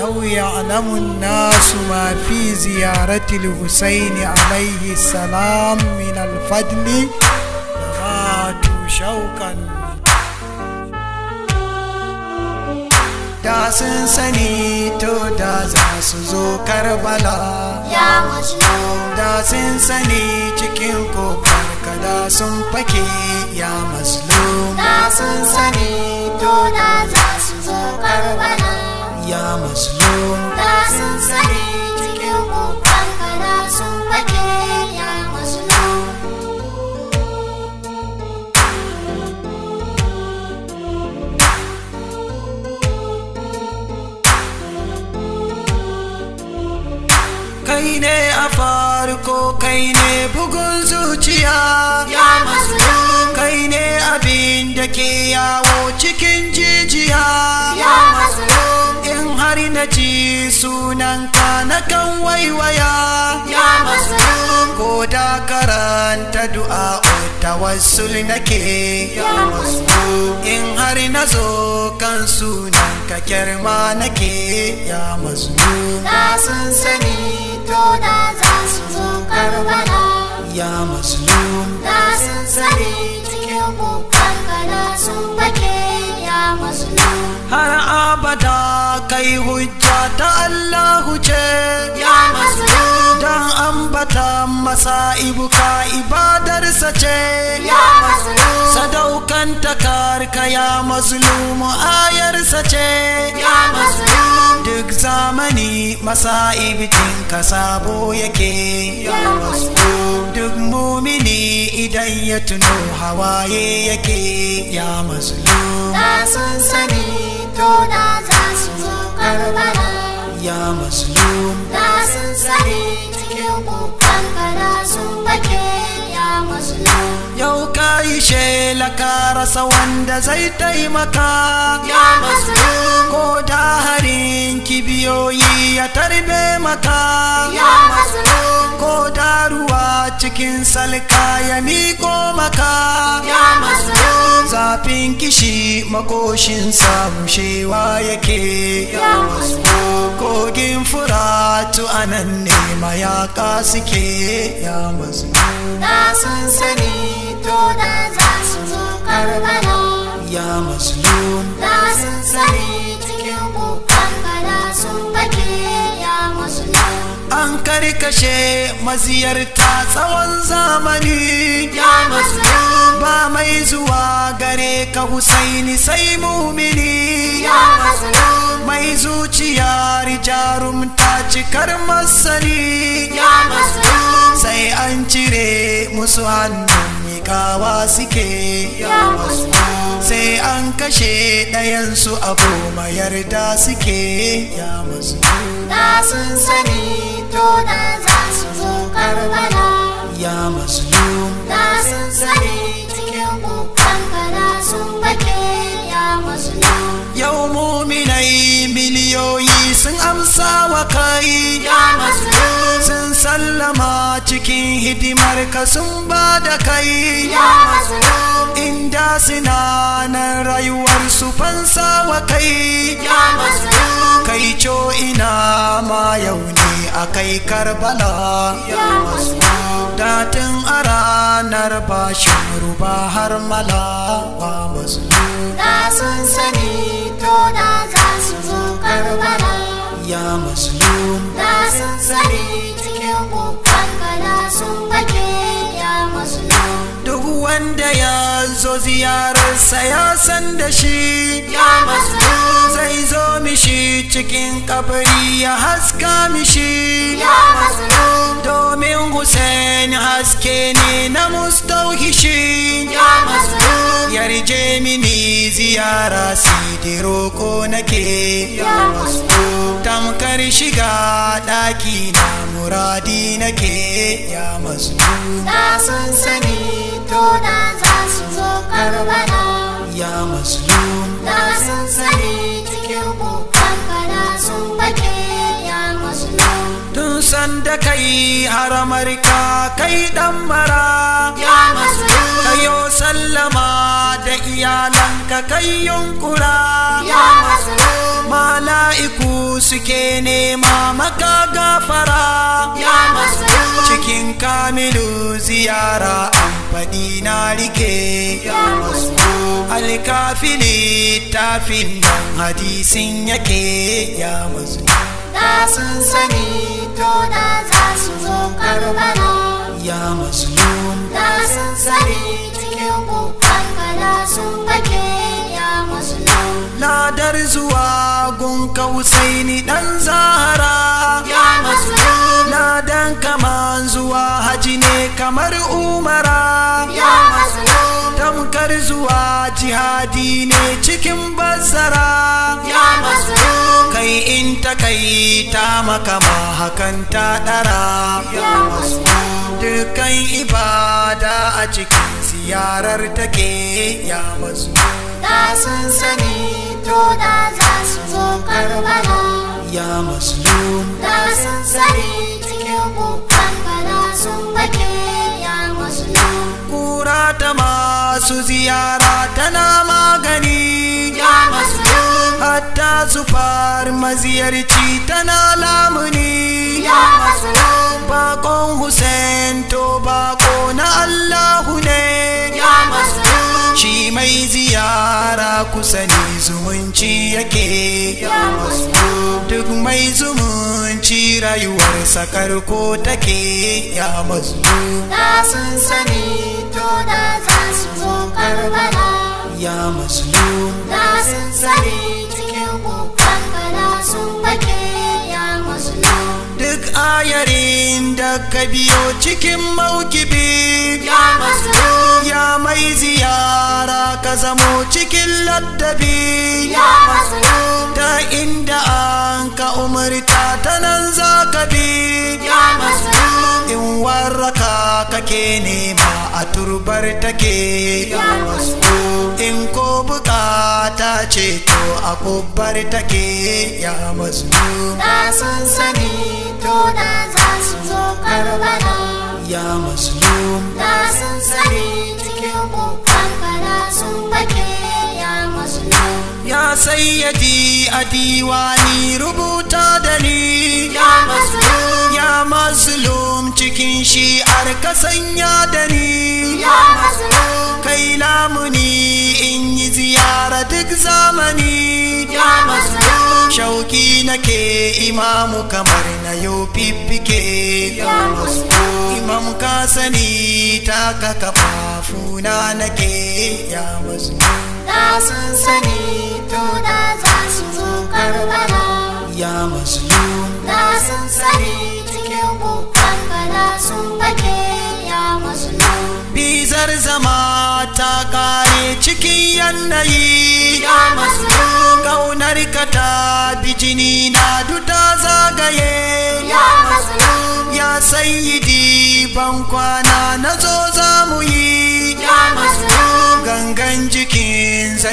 لو يعلم الناس ما في زيارة الحسين عليه السلام من الفضل لماتوا شوقا da sun sani to da za su zo karbala ya mazlum da sun sani cikin kofar kada sun fake ya mazlum da sun sani to da za su zo karbala ya mazlum na san sani cikin kokon kana sun fake ya mazlum kai ne a farko kai ne bugun zuciya ya mazlum kai ne abin da ke yawo cikin jijiya ya mazlum na ji sunanka na kan waiwaya ya masu ko da karanta du'a o tawassul nake ya masu in har na zo kan sunanka kyarma nake ya masu na sun sani to da za su zo karbala ya masu na sun sani cikin kokarka na sun baki har abada kai hujja ta Allahu ce ya masu dan ambata masa ibuka ibadarsa ce ya masu sadaukanta ka ya mazlumu ayarsa ce ya masu duk zamani masa ibitin ka sabo yake ya masu duk mumini idan ya tuno hawaye yake ya masu da sun sani to da za zo karbala ya mazlum da sani cikin kukan kada sun bake ya mazlum yau ka yi shela ka rasa wanda zai taimaka ya mazlum ko da harin kibiyoyi ya tarbe maka ya mazlum ko da ruwa cikin salka ya miko maka ya masu zafin kishi makoshin samushewa yake ya masu kogin furatu anan ne mayaka suke ya masu na sun sani to da za su zo karbala ya masu na sun sani cikin kukan kada sun an karkashe maziyarta tsawon zamani ya masu ba mai zuwa gare ka husaini sai mumini ya masu mai zuciya rijarumta cikar masani ya masu ne an cire musu hannun mikawa suke sai an kashe ɗayansu a goma yarda suke ya masu da sun sani to da za su zo karbala ya masu da sun sani cikin bukkan kada sun bake ya masu yau muminai miliyoyi sun amsa wa kai sun sallama cikin hidimar ka sun ba da kai inda sinanan rayuwar su fansa wa kai ya masu kai co ina ma yau ne a kai karbala ya masu datin a ranar ba shi ba har wa masu da sun sani to da za su zo karbala ya masu da sun sani cikin kokon sun bake duk wanda ya zo ziyararsa ya san da shi ya masu zai zo mishi cikin kabari ya haska mishi ya masu domin hussein haske ne na shi ya ya rije mini ziyara sidi roko nake ya masu tamkar shiga daki na muradi nake ya masu sansani sani to da za su zo karbala ya mazlum da sansani sani cikin kukan kada sun fake ya mazlum tun san da kai har amurka kai dan mara ya mazlum kayo sallama da iyalanka kai yunkura ya mazlum mala'iku suke nema maka kamilu ziyara amfani na rike alkafili tafin nan hadisin yake ya mazu da sun sani to da za su zo karbala ya masu da sun sani cikin kukan kala sun bake ya mazlum ladar zuwa gun kausai ni dan zahara ya kama zuwa haji ne kamar umara ya mazlum tamkar zuwa jihadi ne cikin bazara ya mazlum kai in ta kai ta ma hakan ta dara ya mazlum dukkan ibada a cikin ziyarar take ya mazlum da sun sani to da za su zo karbala ya mazlum da sun masu ziyara tana magani ya mazlum hatta zufar maziyarci tana lamuni ya mazlum bakon hussein to bako na allahu mai ziyara kusa ne zumunci yake duk mai zumunci rayuwar sakar ko take ya mazu na sun sani to da za su zo karbala ya mazu na sun sani cikin kukan kala sun bake ya mazu duk ayarin da ka biyo cikin maukibi ya mazu mai ziyara ka zamo cikin lattabi ya masu ta inda an ka umarta ta nan za ka bi ya masu in warraka kake nema a turbar take ya masu in ko bukata ce to a kubbar take ya masu na sun sani to da za su zo karbala ya masu na sun sani bayyadi a diwani rubuta da ni ya mazlum cikin shi shi'ar ka sanya da ni kai lamuni in yi ziyara duk zamani shauki nake imamu kamar na yau fiffike imam ka sani ta ka kafafuna nake ya mazlum da sun da su karbala ya cikin ya bizar zama ta kare cikin yanayi ya mazlum kaunar ka ta bijini na duta zagaye ya mazlum ya sayyidi ban kwana na zo za mu yi ya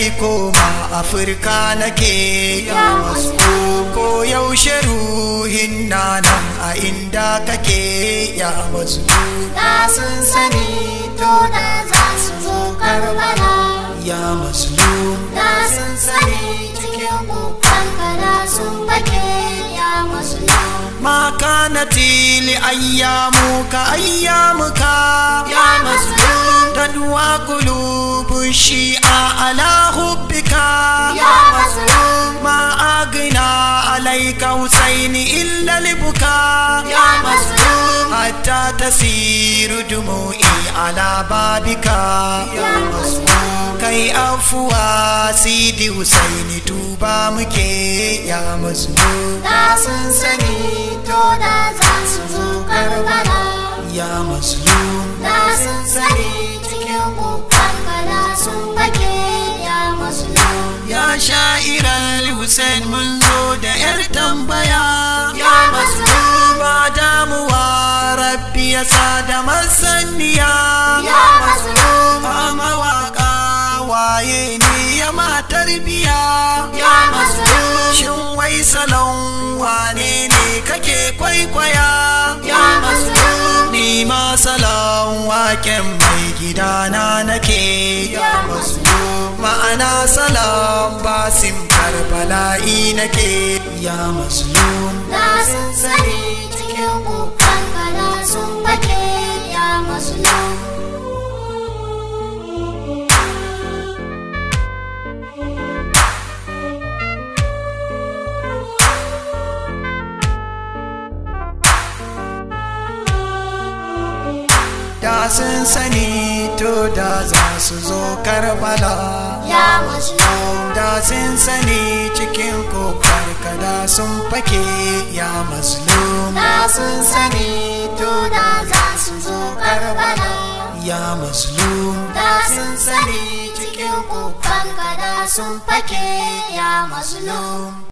kai koma afirka nake ya ko yaushe ruhin nan a inda kake ya masu na sun sani to da za su zo karbala ya masu na sun sani cikin kokon kana sun baki maka na tili ayyamu ka ayyamu ya masulun tanwa kulubu shi a ala hubbika ya masulun ma agina alaika husaini illa libuka ya masulun hatta tasiru dumu'i ala babika kai afuwa sidi husaini tuba muke ya mazlu da sun sani to da za su zo karbala ya mazlu da sun sani cikin kokarkara sun bake ya mazlu ya sha'irar husain mun zo da yar tambaya yasa da masaniya ya mazlum a mawaka waye ne ya matar biya ya mazlum shin wai salon wane ne kake kwaikwaya ya mazlum ni ma salon waken mai gidana nake ya mazlum ma'ana salon sim karbala'i nake ya mazlum na san sani cikin su zo karbala ya mazlum da sun sani cikin kofar kada sun fake ya mazlum da sun sani to da za su zo karbala ya mazlum da sun sani cikin kofar kada sun fake ya mazlum